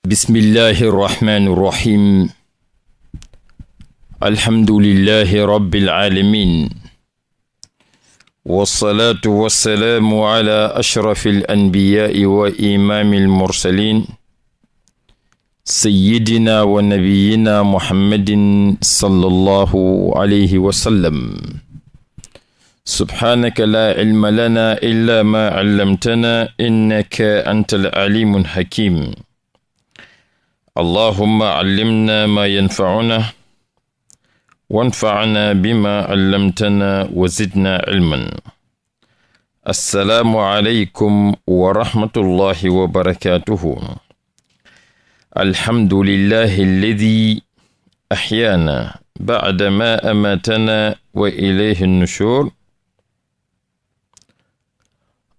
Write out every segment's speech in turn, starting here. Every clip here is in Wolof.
bismillahi irrahmani irrahim alhamdulillahi rabbil alamin wassalaatu wassalaamu ala ashrafi alanbiyaai wa imaami almursalin sayyidina wa nabiyina muhammadin sallallahu alayhi wa sallam subhaanaka laa cilma lana illa ma callamtana innaka anta al alimu alhakim allahuma callimna maa yanfacuna wanfacna bima callamtana wa zidna cilman assalaamu aleykum wa rahmatullahi wa barakatuhu alhamdulillahi alladi axyaana bacda ma amaatana wa ilayhi nushur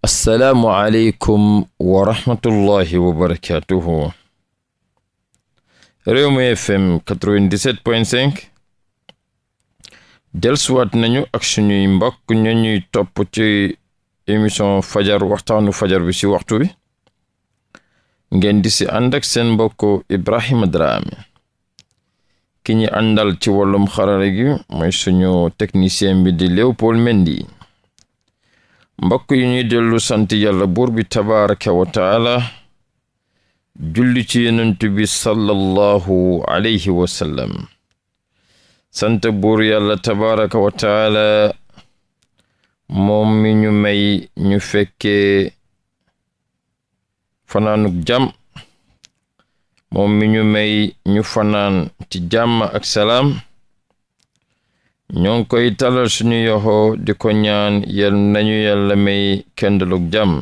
assalaamu aleykum wa rahmatullahi wa barakatuhu Rewmi FM 97.5 dellusiwaat nañu ak suñuy mbokk ñu ñuy topp ci émission fajar waxtaanu fajar bi ci waxtu wi ngeen di si ànd ak seen mbokk Ibrahima Dramé ki ñi àndal ci wàllum xarala gi mooy suñu technicien bi di Léopold Mendy mbokk yi ñuy dellu sant yàlla buur bi tabaaraka julli ci yenent bi sallallahu alayhi wa sallam sant buur yàlla tabaraka wa taala moom mi ñu may ñu fekkee fanaanuk jàmm moom mi ñu may ñu fanaan ci jàmm ak salaam ñoo ngi talal suñu yoxo di ko ñaan yal nañu yàlla may kendaluk jàmm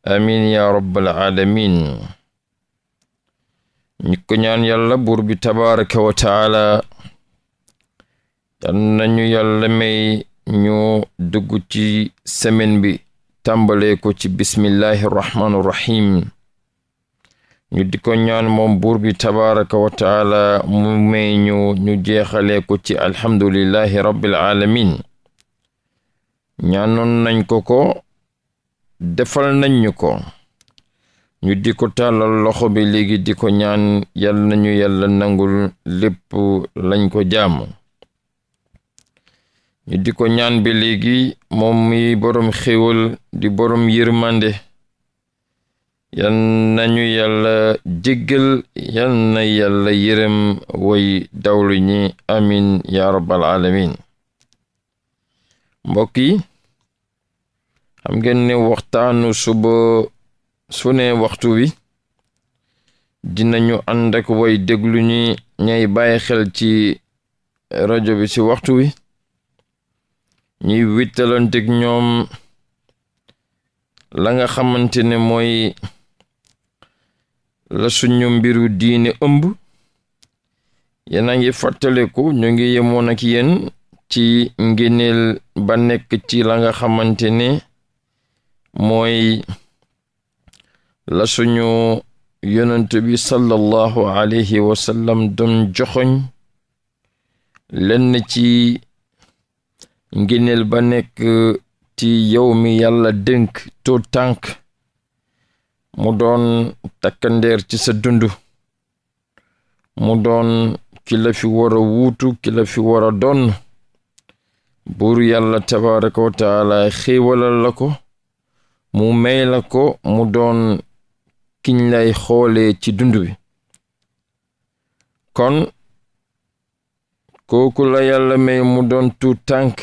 amin ya rabbal alamin ñi ko ñaan yàlla buur bi tabaraka wa taala yal nañu yàlla may ñu dugg ci semaine bi tàmbalee ko ci bismillahi ñu di ko ñaan moom buur bi tabaraka wa taala mu may ñu ñu jeexalee ko ci alhamdulillahi rabbil alamin ñaanoon nañ ko ko defal nañ ñu ko ñu di ko tàllal loxo bi léegi di ko ñaan yàlla nañu nangul lépp lañ ko jaamu ñu ko ñaan bi léegi moom mi boroom xéwal di boroom yërmande yal nañu yàlla jéggal yal na yàlla yërëm way dawlu ñi amin ya rabbal alamin yi xam ngeen ne waxtaanu suba su waxtu wi dinañu ànd ak way déglu ñi ñay bàyyi xel ci rajo bi ci waxtu wi ñuy wittalanteeg ñoom la nga xamante ne mooy la suñu mbiru diine ëmb yéena ngi fàttaleku ñu ngi yemoon ak yéen ci ngéneel ba nekk ci la nga xamante ne mooy la suñu yonent bi sallallahu alayhi wa sallam doon joxoñ lenn ci ngineel ba nekk ci yow mi yàlla dénk tu tànk mu doon takkandeer ci sa dund mu doon ki la fi war a wuutu la fi wara a doon buur yàlla tabaraka wa taala la ko mu may la ko mu doon kiñ lay xoolee ci dund bi kon kooku la yàlla may mu doon tuut tànk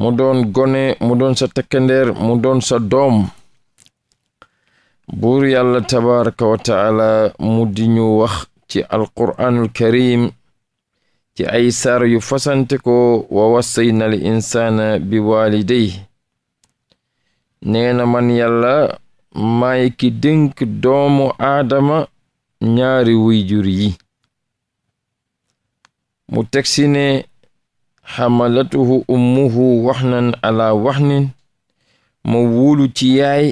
mu doon gone mu doon sa takkandeer mu doon sa doom buur yàlla tabaraka wa taala mu di ñu wax ci alquraanul karim ci ay saar yu fasante ko wa wassayna al insaana bi waalidayhi nee man yàlla maay ki dénk doomu aadama ñaari wuyjur yi mu tegsi ne xamalatuhu ummuhu waxnan ala waxnin ma wuulu ci yaay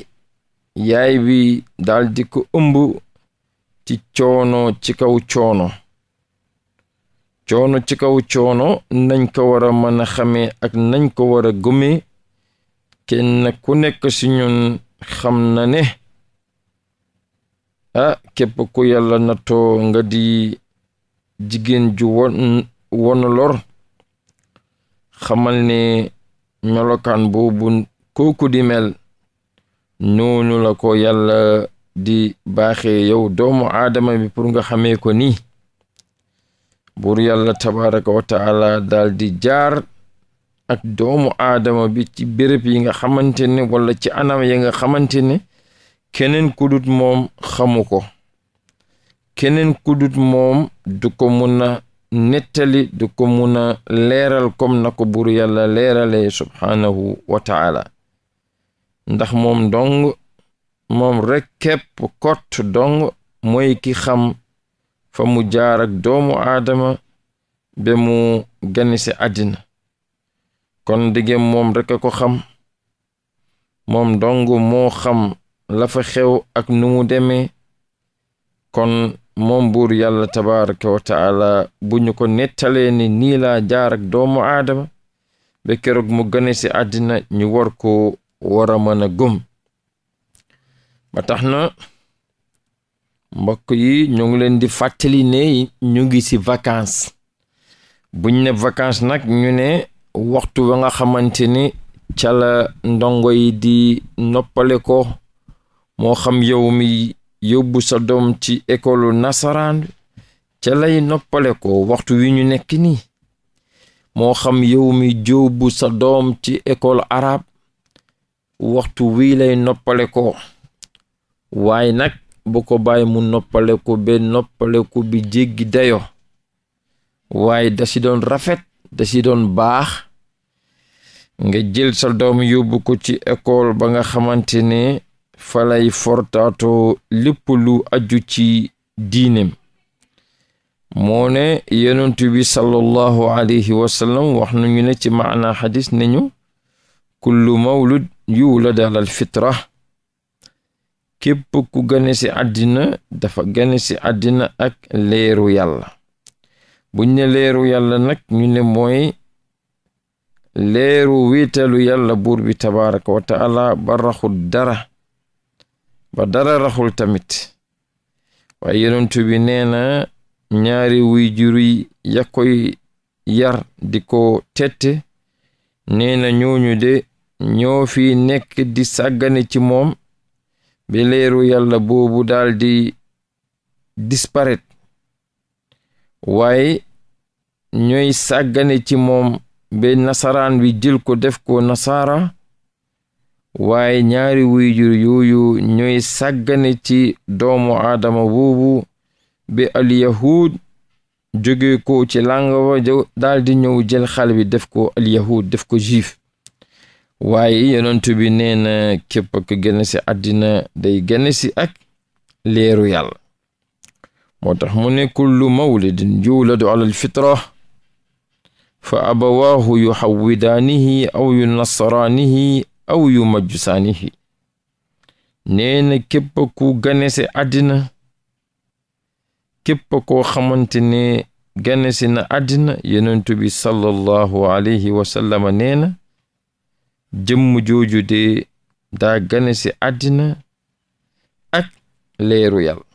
yaay bi daldi ko ëmb ci coono ci kaw coono coono ci kaw coono nañ ko war a mën ak nañ ko war a gëmee kenn ku nekk si ñun xam na ne ah képp ku yàlla natoo nga di jigéen ju won won lor xamal ne melokaan kooku di mel noonu la ko yàlla di baaxe yow doomu aadama bi pour nga xamee ko nii buur yàlla tabaraka wa taala jaar ak doomu aadama bi ci béréb yi nga xamante ne wala ci anam yi nga xamante ne keneen ku moom xamu ko keneen ku moom du ko mun a nettali du ko mun a leeral kom na ko buru yàlla leeralee subhaanahu wa taala ndax moom dong moom rek képp kott dong mooy ki xam fa mu jaar doomu aadama ba mu ganise àddina kon diggéem moom rekk ko xam moom dong moo xam la xew ak nu mu demee kon moom buur yàlla tabaraka wa bu ñu ko nettalee ni nii laa jaar doomu aadama ba keroog mu gane si àddina ñu war ko war a mën a gëm ba tax na mbokk yi ñu ngi leen di fàttali ne ñu ngi si vacances buñ ne vacances nag ñu ne waxtu ba nga xamante ni cala la ndongo yi di noppale ko moo xam yow yóbbu sa doom ci école nasaraan ca lay noppale ko waxtu wi ñu nekk ni moo xam yow mi jóobu sa doom ci école arabe waxtu wii lay noppale ko waaye nag bu ko bàyyi mu noppale ko ba noppale ko bi jéggi dayo waaye da rafet da si baax nga jël sa doom yóbbu ko ci école ba nga xamante ne falay fortaatoo lépp lu aju ci diinem moo ne yonent bi sallallahu alayhi wasallam wax nañu ne ci maana xadis nañu kullu mawlud yuwlad alal fitra képp ku gane si àddina dafa gane ci àddina ak leeru yàlla buñ ne leeru yàlla nag ñu ne mooy leeru wiitalu yàlla buur bi tabaraka wa taala ba raxul dara ba dara raxul tamit waaye yonentu bi nee na ñaari wuy juri koy yar di ko tette nee na ñooñu de ñoo nekk di sàggane ci moom bi leeru yàlla boobu daal di waaye ñooy sàggane ci moom ba nasaraan bi jël ko def ko nasaara waaye ñaari wuyjur yooyu ñooy sàggane ci doomu aadama boobu ba alyahuud jóge ko ci làng daldi ñëw jël xal bi def ko alyahuud def ko juif waaye yonentu bi nee na képp ku génn si àddina day génn si ak leeru yàlla moo tax mu ne kullu mawlidin yuuladu ala abawaahu yu xawwidaanihi aw yu nasaraanihi aw yu majjusaanihi nee na képp ku ganese àddina képp koo xamante ne ganese na àddina yonent bi sallallahu alayhi wa sallam nee na jëmm jooju de daa ganese àddina ak leeru yàlla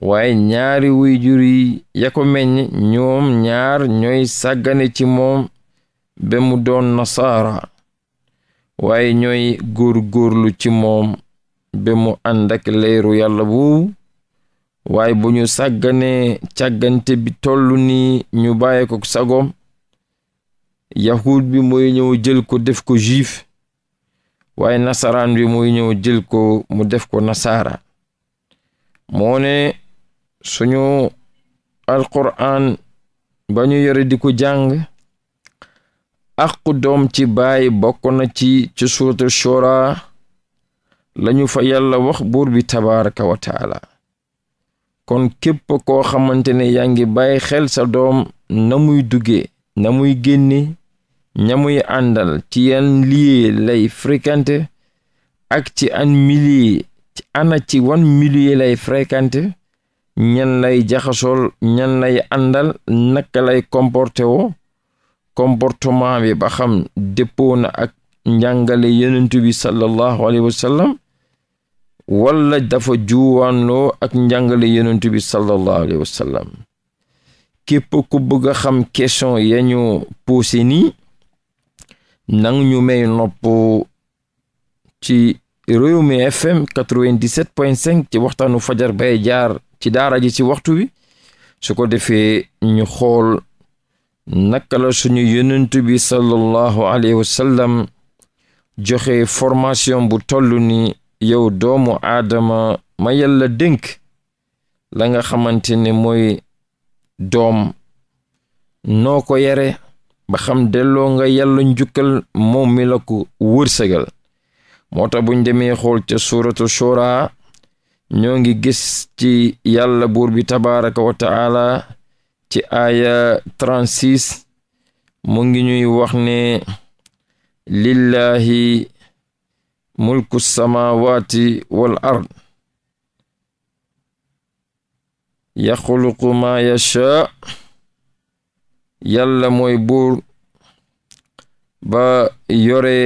waaye ñaari wuy jur yi ya ko ñoom ñaar ñooy sàggane ci moom ba mu doon nasaara waaye ñoy góor-góorlu ci moom ba mu ànd ak leeru yàlla boobu waaye bu ñu sàgganee càggante bi toll ni ñu bàyyi ko sagom yahud bi mooy ñëw jël ko def ko juif waaye nasaraan bi mooy ñëw jël mu def ko nasaara moo suñu alquran ba ñu yore di ko jàng aqu doom ci baay bokkon na ci ci suuratu shura lañu fa yàlla wax buur bi tabaraka wa kon képp koo xamante ne yaa ngi bàyyi xel sa doom na muy duggee na muy génne ña muy àndal ci yan lieu lay fréquenté ak ci an milieu ana ci wan milieu lay frekante ñan lay jaxasool ñan lay àndal naka lay comporté wo comportement bi ba xam dëppoo na ak njàngale yenentu bi sallallahu alayhi wa sallam wala dafa juwaanloo ak njàngale yenentu bi sallallahu alayhi wa sallam képp ku xam question ya ñu posé nii nang ñu may noppu ci Rewmi FM 97.5 ci waxtaanu fajar bay jaar ci daara ji ci waxtu wi su ko defee ñu xool naka la suñu yonent bi sallallahu alayhi wasallam joxe formation bu toll ni yow doomu aadama ma yalla dénk la nga xamante ne mooy doom noo ko yare ba xam delloo nga yàlla njukkal moom mi la ko wërsëgal moo tax buñ demee xool ca suuratu shura ñoo ngi gis ci yàlla buur bi tabaraka ci aaya 36 mu ngi ñuy wax ne lillahi mulku samawati wal ard yaxluqu maa yasha yàlla mooy buur ba yore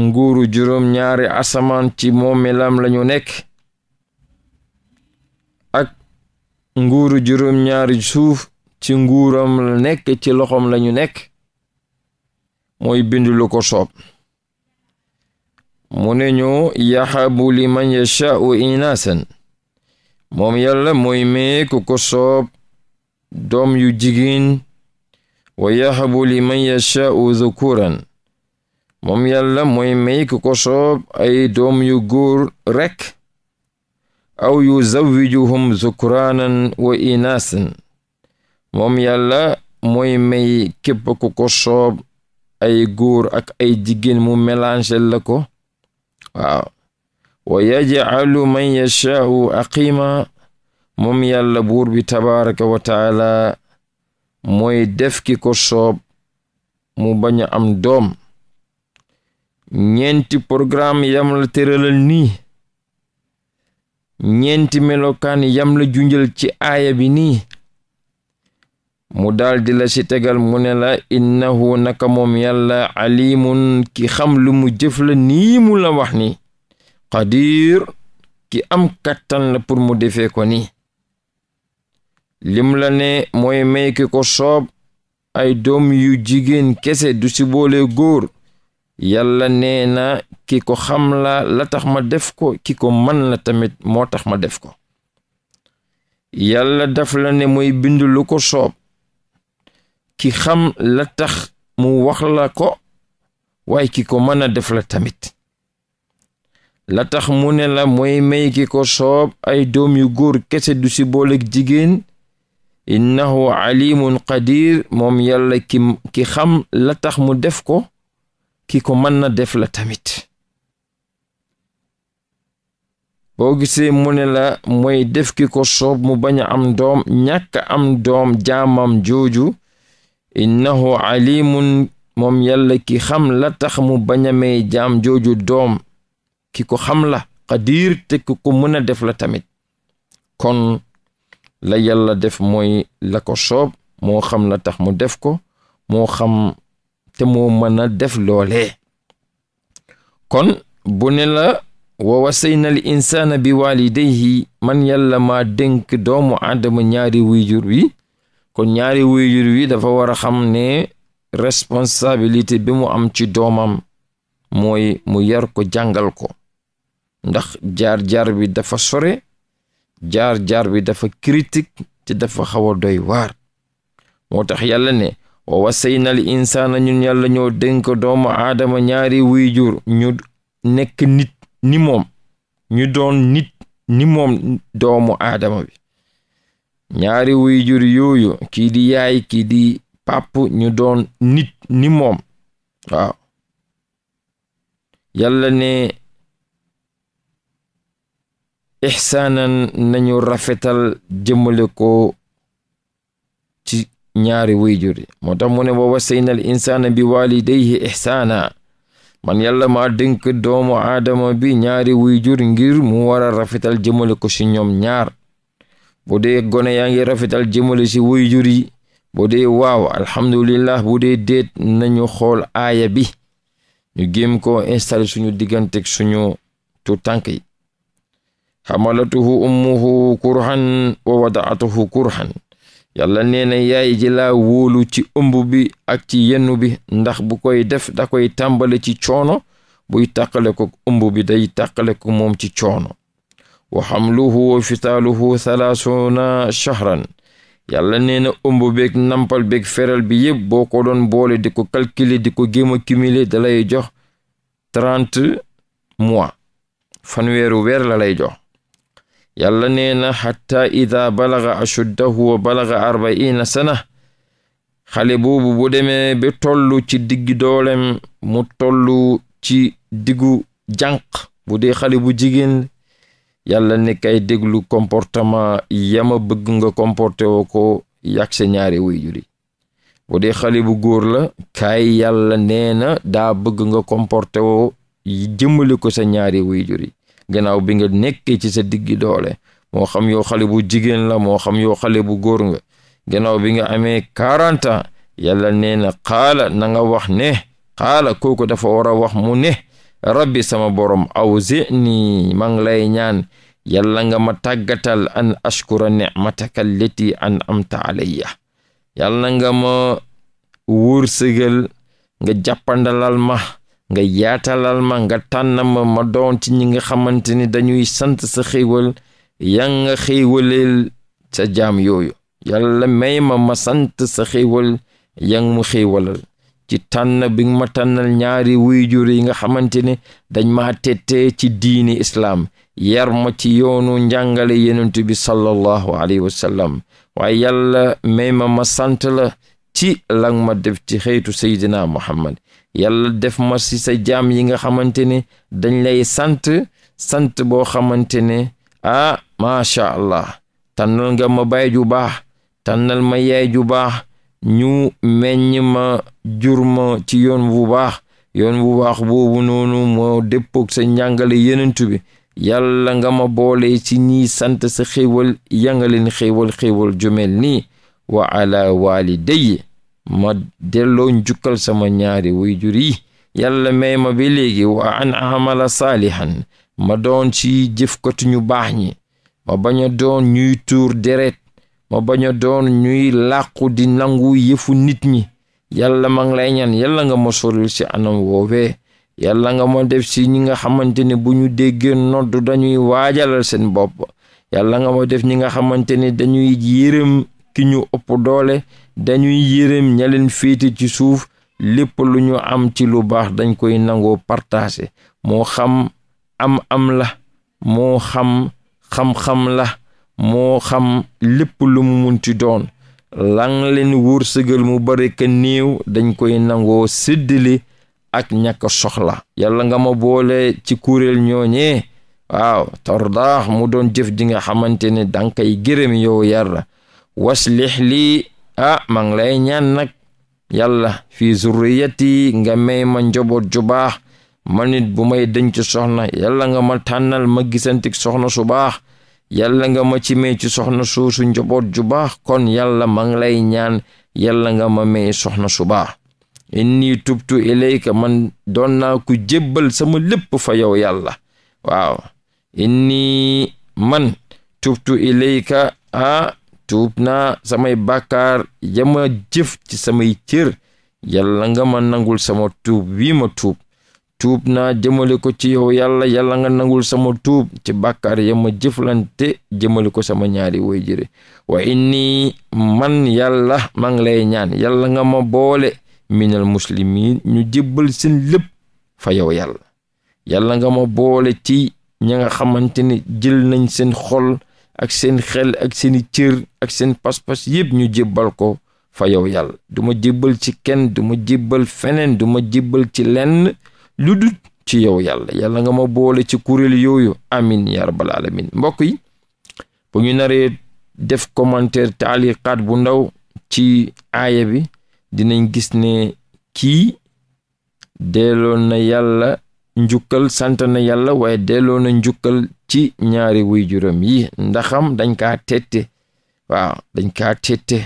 nguuru juróom ñaari asamaan ci moomelam lañu nekk nguuru juróom-ñaari suuf ci nguuram la nekk ci loxoom lañu nekk mooy bind lu ko soob mu ne ñu yaxabu liman inaasan moom yàlla mooy mee ku doom yu jigéen wa yaxabu liman yashaau zukuran moom yàlla mooy may ku ay doom yu góor rekk aw yuzawijuhum zukraanan wa inaasan moom yàlla mooy may képp ku ko soob ay góor ak ay jigéen mu mélanger la ko waaw wa yajcalu man yashaau aqima moom yàlla buur bi tabaraka wa taala mooy def ki ko soob mu bañ a am doom ñeenti programme yam la tëralal ñeenti melokaan yam la junjël ci aaya bi nii mu daldi la ci tegal mu ne la innahu naka moom yàlla alimun ki xam lu mu jëf la nii mu la wax ni qadir ki am kattan la pour mu defee ko ni lim la ne mooy may ki ko soob ay doom yu jigéen kese du ci boole góor yàlla nee na ki ko xam la la tax ma def ko ki ko man la tamit moo tax ma def ko yàlla daf la ne moy bind lu ko soob ki xam la tax mu wax la ko way ki ko mën a def la tamit la tax mu ne la moy may ki ko soob ay doom yu góor kese du si booleeg jigéen innahu alimun qadir moom yàlla ki ki xam la tax mu def ko ki ko mën na def la tamit boo gisee mu ne la mooy def ki ko soob mu baña am doom ñàkk am doom jaamam jooju innahu alimun moom yàlla ki xam la tax mu bañ a may jaam jooju doom ki ko xam la xadiir te ki ko mën a def la tamit kon la yàlla def mooy la ko soob moo xam la tax mu def ko moo xam te moo mën a def loole kon bu ne la wa wasaynal insaana bi walidayhi man yàlla maa dénk doomu aadama ñaari wuyjur wi kon ñaari wuyjur wi dafa war a xam ne responsabilité bi mu am ci doomam mooy mu yar ko jàngal ko ndax jaar-jaar wi dafa sore jaar-jaar wi dafa critique te dafa xaw a doy waar moo tax yàlla ne wa wasaynaa al insaana ñun yàlla ñoo dénk doomu aadama ñaari wuy ñu nekk nit ni moom ñu doon nit ni moom doomu aadama bi ñaari wuy jur yooyu kii di yaay kii di pàpp ñu doon nit ni moom waaw yàlla ne ixsaanan nañu rafetal jëmale ko ñaari wayjur yi moo tax mu ne wa wasaynal insaana bi walidayhi ihsaana man yàlla ma dénk doomu aadama bi ñaari wayjur ngir mu war a rafetal jëmale ko ci ñoom ñaar bu dee gone yaa ngi rafetal jëmale ci wayjur yi bu dee waaw alhamdulillah bu dee déet nañu xool aaya bi ñu géem ko installé suñu digganteeg suñu tu tànk yi xamalatuhu ummuhu kurhan wa wadaatuhu kurhan yàlla nee na yaay ji laa wóolu ci ëmb bi ak ci yenn bi ndax bu koy def da koy tàmbale ci coono buy tàqale ko ëmb bi day tàqale ko moom ci coono wa xamluhu wa fitaaluhu salaasuuna shahran yàlla nee na ëmb beeg nampal beeg feral bi yëpp boo ko doon boole di ko calculer di ko géem a cumuler da jox trente mois fanweeru weer la lay jox yàlla nee na xatta ida balaga ashuddahu wa balaga arbaina sana xale boobu bu demee ba toll ci diggi doolem mu tollu ci diggu jànq bu dee xale bu jigéen yàlla ne kay déglu comportement yama bëgg nga comporté woo ko yàgg sa ñaari waajur yi bu dee xale bu góor la kaay yàlla nee na daa bëgg nga comporté woo jëmale ko sa ñaari waajur yi gannaaw bi nga nekkee ci sa diggi doole moo xam yoo xale bu jigéen la moo xam yoo xale bu góor nga gannaaw bi nga amee karanta ans yàlla nee na xaala wax ne xaala kooku dafa war a wax mu ne rabbi sama borom awzini maa ngi lay ñaan yàlla nga ma tàggatal an ashkura ni'mataka allati an amta alayya yàlla nga ma wërsëgal nga jàppandalal ma nga yaatalal ma nga tànn ma ma doon ci ñi nga xamante ni dañuy sant sa xéewal ya nga xéewaleel sa jaam yooyu yàlla may ma ma sant sa xéewal ya mu xéewalal ci tànn bi nga ma tànnal ñaari wuyjur yi nga xamante ne dañ ma tettee ci diini islaam yar ma ci yoonu njàngale yonent bi sallallahu alayhi wa sallam waaye yàlla may ma ma sant la ci lang ma def ci xeetu seydina muhammad yàlla def ma ci sa jaam yi nga xamante ne dañ lay sant sant boo xamante ne ah macha allah tànnal nga ma baay ju baax tànnal ma yaay ju baax ñu meññ ma jur ma ci yoon wu baax yoon wu baax boobu noonu moo déppoog sa njàngale yenentu bi yàlla nga ma boole ci ñii sant sa xéewal yangaleen xéewal xéewal jumel nii wa ala waaliday ma delloo njukkal sama ñaari waajur yi yàlla may ma ba léegi wa an amala saalihan ma doon si ci jëfkatu ñu baax ñi ma bañ a doon ñuy tuur deret ma bañ doon ñuy làqu di nangu yëfu nit ñi yalla ma ngi lay ñaan yàlla nga ma soril ci anam woowee yàlla nga ma def si ñi nga xamante ne bu ñu déggee noddu dañuy waajalal seen bopp yàlla nga ma def ñi nga xamante dañuy yërëm ki ñu ëpp doole dañuy yërëm ña leen ci suuf lépp lu ñu am ci lu baax dañ koy nangoo partager moo xam am am la moo xam xam-xam la moo xam lépp lu mu munti doon lang leen wërsëgal mu bare ka néew dañ koy nangoo séddale ak ñàkk soxla yàlla nga ma boole ci kuréel ñooñee waaw tordaax mu doon jëf ji nga xamante ne danga koy gërëm yow yàlla waslih lii a ah, maa lay ñaan nag yàlla fii zurriyati nga may ma njoboot ju baax ma nit bu may denc soxna yàlla nga ma tànnal ma gisantik soxna su baax yàlla nga ma ci may ci soxna suusu njoboot ju baax kon yàlla maa lay ñaan yàlla nga ma may soxna su baax inni tubtu ilayka man doon naa ku jébbal sama lépp fa yow yàlla waaw inni man tubtu ilayka ah tuub naa samay bàkkaar yama jëf ci samay cër yàlla nga ma nangul sama tuub wi ma tuub tuub naa jëmale ko ci yow yàlla yàlla nga nangul sama tuub ci bàkkaar yama jëflante jëmale ko sama ñaari way jëre wa inni man yàlla maa ngi lay ñaan yàlla nga ma boole minal muslimin ñu jébbal seen lépp fa yow yàlla yàlla nga ma boole ci ña nga xamante ni jël nañ seen xol ak seen xel ak seeni cër ak seen pas-pas yëpp ñu jébbal ko fa yow yàlla duma ma jébbal ci kenn du ma jébbal feneen du ma jébbal ci lenn lu dul ci yow yàlla yàlla nga ma boole ci kuréel yooyu amin ya rabbal alamin mbokk yi bu ñu naree def commentaire taaliqaat bu ndaw ci aaya bi dinañ gis ne kii deeloon na yàlla njukkal sant na yàlla waaye delloo na njukkal ci ñaari wuy juróom yi ndaxam dañ ka tette waaw dañ ka tette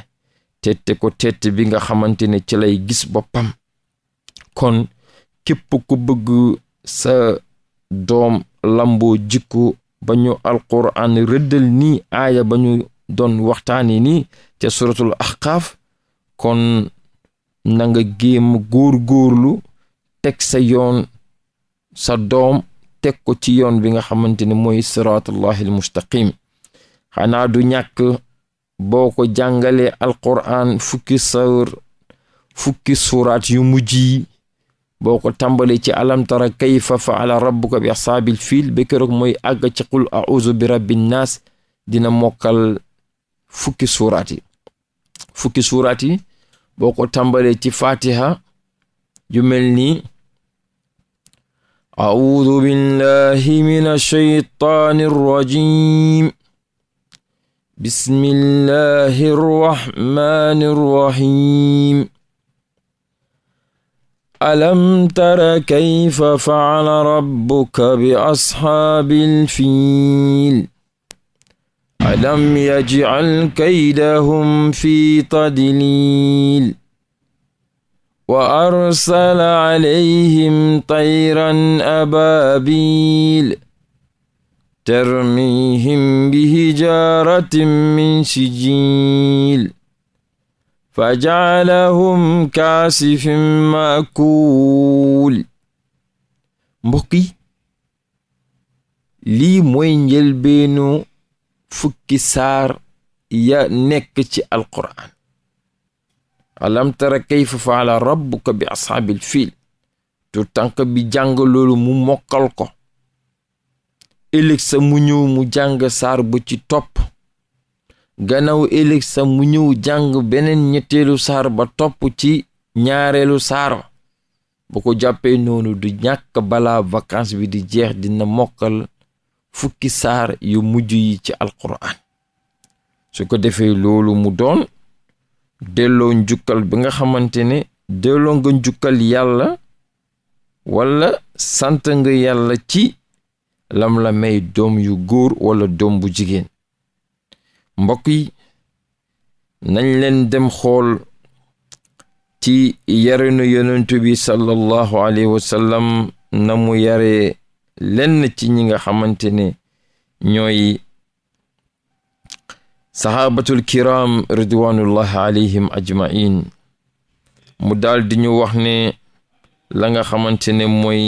tette ko tette bi nga xamante ne ci lay gis boppam kon képp ku bëgg sa doom lamboo jikko ba ñu alquran rëddal ni aaya ba ñu doon waxtaani ni ca suratul ahqaaf kon nanga nga géem góor góorlu teg sa yoon sa doom teg ko ci yoon bi nga xamante ne mooy siraatullahi almustaqim xanaa du ñàkk boo ko jàngalee alquran fukki suuraat yu mujj yi boo ko tàmbalee ci alamtara kayfa faala rabbuka bi asaabil fiil ba keroog mooy àgg ci qul auzu bi rabbin naas dina mokkal fukki suuraat yi suuraat yi boo ko tàmbalee ci fatiha yu mel أعوذ بالله من الشيطان الرجيم بسم الله الرحمن الرحيم ألم تر كيف فعل ربك بأصحاب الفيل ألم يجعل كيدهم في تضليل وأرسل عليهم طيرا أبابيل ترميهم بحجارة من سجيل فجعلهم كعصف مأكول mbokk yi lii mooy njëlbeenu fukki saar ya nekk ci alquraan alam tara kayfa faala bi ashaabil fiil tu tànk bi jàng loolu mu mokkal ko ëllëg sa mu ñëw mu jàng saar bu ci topp gannaaw ëllëg sa mu ñëw jàng beneen ñetteelu saar ba topp ci ñaareelu saar bu ko jàppee noonu du ñàkk balaa vacances bi di jeex dina mokkal fukki saar yu mujj yi ci alquran su ko defee loolu mu doon delloo njukkal bi nga xamante ne delloo nga njukkal yàlla wala sant nga yàlla ci lam la doom yu góor walla doom bu jigéen mbokk yi nañ leen dem xool ci yarinu yonentu bi sallallahu alayhi wa sallam na mu yare lenn ci ñi nga xamante ne ñooy saxaabatul kiram ridwanullahi alayhim ajmain mu daal ñu wax ne la nga xamante ne mooy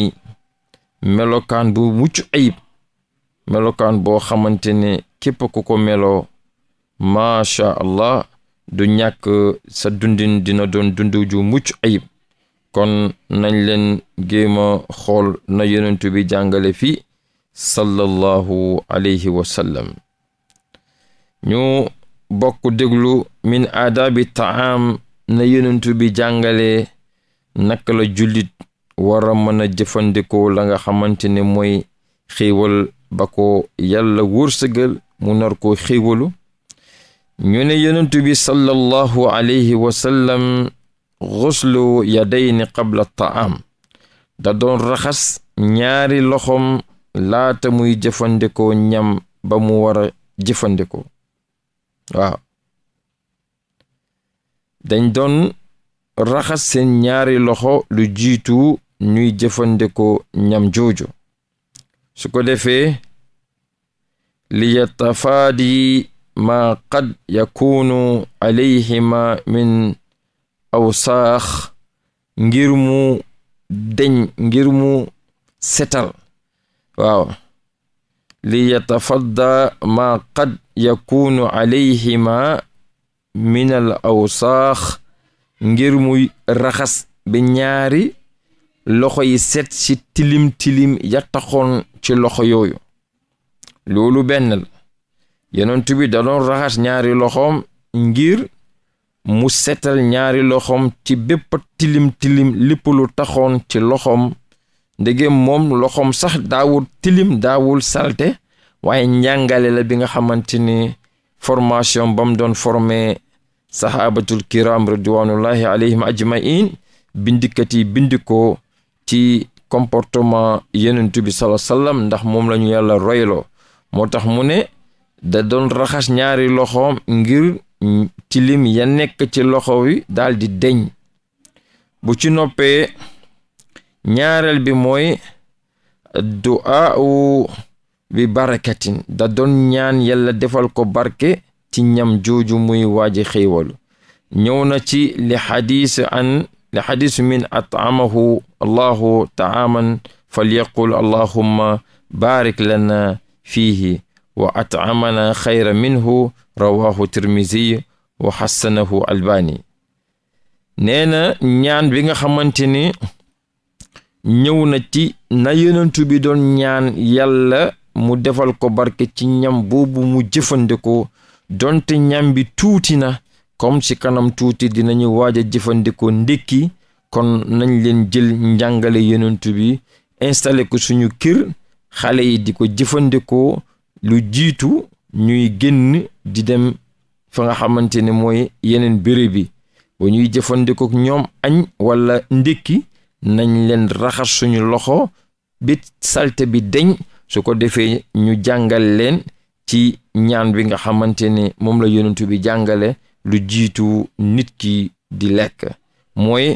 melokaan bu mucc ayib melokaan boo xamante ne képp ku ko meloo macha allah du ñàkk sa dundin dina doon dund ju mucc ayib kon nañ leen géema xool na yonentu bi jàngale fii sallallahu alayhi wa sallam ñu bokk déglu min aadabi taam na yenentu bi jàngale naka la jullit wara mën a jëfandikoo la nga xamante ne mooy xéewal ba ko yàlla wërsëgal mu nar ko xiiwalu ñu ne yenentu bi sallallahu alayhi wa sallam xuslu yadayni qabla taam da doon raxas ñaari loxom laata muy jëfandikoo ñam ba mu war a jëfandikoo waaw doon raxas seen ñaari loxo lu jiitu ñuy jëfandikoo ñam jooju su ko defee li yatafaadi ma qad yakunu alayhima min awsaax ngir deñ ngir mu setal waaw li yatafadda ma qad yakunu alayhima min al awsaax ngir muy raxas bi ñaari loxo yi set ci tilim tilim ya taxoon ci loxo yooyu loolu benn la yonent raxas ñaari loxoom ngir mu setal ñaari loxoom ci bépp tilim tilim lépp lu taxoon ci loxoom ndegem moom loxoom sax daawul tilim daawul salte waaye njàngale la bi nga xamante ni formation ba mu doon formé sahabatul kiram ridwanullahi alayhim ajmain bindikat yi bindikoo ci comportement yeneen bi salaa ndax moom lañu yàlla royloo moo tax mu ne da doon raxas ñaari loxoom ngir tilim ya nekk ci loxo wi daldi deñ bu ci noppee ñaareel bi mooy du'a bi barakatin da doon ñaan yàlla defal ko barke ci ñam jooju muy waaji xéewalu ñëw na ci li xadiis an li xadiis min at'amahu allahu taaman falyaqul allahumma baarik lana fiihi wa at'amana xayra minhu rawahu tirmisiy wa xassanahu albani nee ñaan bi nga xamante ni na ci bi doon ñaan yàlla mu defal ko barke ci ñam boobu mu jëfandikoo donte ñam bi tuuti na comme ci kanam tuuti dinañu waaj a jëfandikoo ndékki kon nañ leen jël njàngale yonent bi installé ko suñu kër xale yi di ko jëfandikoo lu jiitu ñuy génn di dem fa nga xamante ne mooy yeneen béréb yi ñuy jëfandikoo ñoom añ walla ndékki nañ leen raxas suñu loxo bit salte bi deñ su ko defee ñu jàngal leen ci ñaan bi nga xamante ne moom la yonentu bi jàngale lu jiitu nit ki di lekk mooy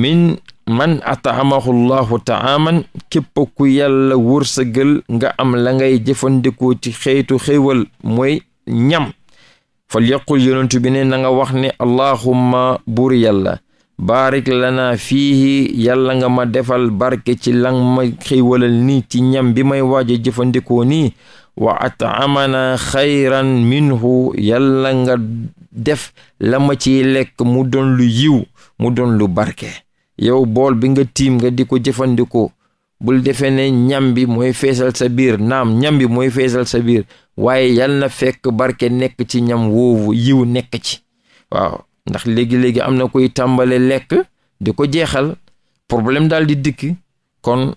min man ataamahu llahu taaman képp ku yàlla wërsëgal nga am la ngay jëfandikoo ci xeetu xéewal mooy ñam fal yaqul yonentu bi ne na nga wax ne allahumma buur yàlla baarik lana fiihi yàlla nga ma defal barke ci lang ma xéewalal nii ci ñam bi may waaje jëfandikoo nii wa atamana xayran minhu yàlla nga def la ma ciy lekk mu doon yiw mu doon lu barke yow bool bi nga tiim nga di ko jëfandikoo bul defee ne ñam bi mooy feesal sa biir naam ñam bi mooy feesal sa biir waaye yal na fekk barke nekk ci ñam woowu yiw nekk ci waaw ndax léegi-léegi am na koy tàmbale lekk di ko jeexal problème daal di dikk kon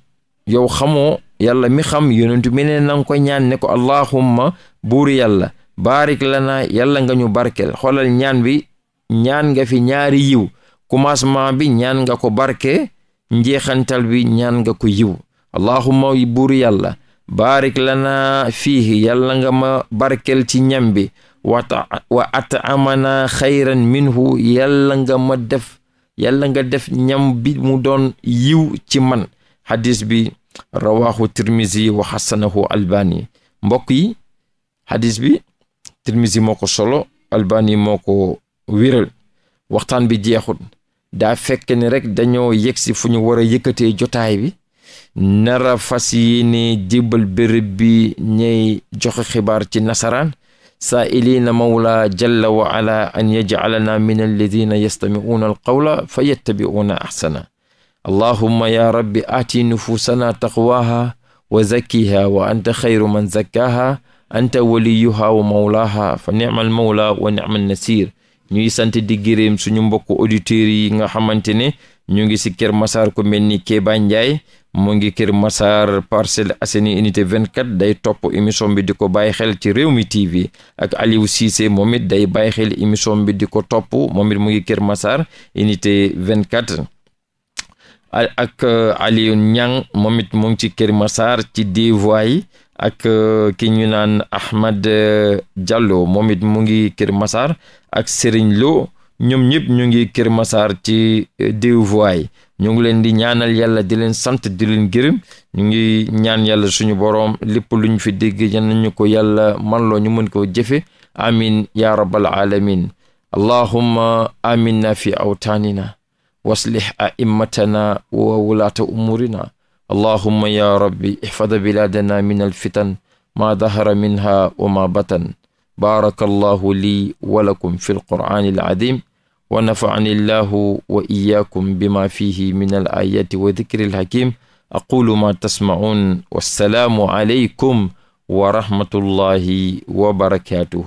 yow xamoo yàlla mi xam yonentu mi ne na ko ñaan ne ko allahumma buur yàlla baarik lana yàlla nga ñu barkel xoolal ñaan bi ñaan nga fi ñaari yiw commencement bi ñaan nga ko barke njeexantal bi ñaan nga ko yiw allahumma buur yàlla baarik lana fiihi yàlla nga ma barkel ci ñam bi waata wa at'amana xayran minhu yàlla nga ma def yàlla nga def ñam bi mu doon yiw ci man hadis bi rawahu tirmizi wa xasanahu albani mbokk yi hadis bi tirmizi moo ko solo albani moo ko wiral waxtaan bi jeexut daa fekk ne rek dañoo yegsi fu ñu war a yëkkatee jotaay bi nara fas yéene jibal bërëb bi ñay joxe xibaar ci nasaraan saa'iliina mawla jalla wa ala an yajcalana min alladina yastamicuuna alqawla fa yattabicuuna axsana allahumma ya rabbi aati nufuusana taqwaaha wa zakkiha wa anta xayru man zakkaaha anta waliyuha wa mawlaaha fa nicmal mawla wa nicmal nasir ñuy sant di gërëm suñu mbokk auditeurs yi nga xamante ne ñu ngi si kër masar ku mel ni Kéba Ndiaye mu ngi kër Massar Parcelles Assainies unité 24 day topp émission bi di ko bàyyi xel ci réew mi TV ak Aliou Cissé moom day bàyyi xel émission bi di ko topp moom it mu ngi kër Massar unité 24. ak euh, Aliou Niang moom it mu ngi ci kër Massar ci Dévois yi ak euh, ki ñu naan Ahmad euh, Diallo moom it mu ngi kër masar ak Serigne Lo. ñoom ñëpp ñu ngi Kër Massar ci eh, deux voies ñu ngi leen di ñaanal yàlla di leen sant di leen gërëm ñu ngi ñaan yàlla suñu boroom lépp lu ñu fi dégg yan nañu ko yàlla man loo ñu mën koo jëfe amin ya rabbal alamin allahumma aminna fi awtaanina waslih a'immatana wa wulaata umurina allahumma ya rabbi ihfad biladana min alfitan ma dahara minha wa ma batan barakallahu lii wa lakum fi alqur'ani alazim wa nafaani llahu wa iyaakum bima fihi min al ayati wa dikri al hakim aqulu ma tasmaun wassalaamu aleykum wa rahmatullahi wa barakatuhu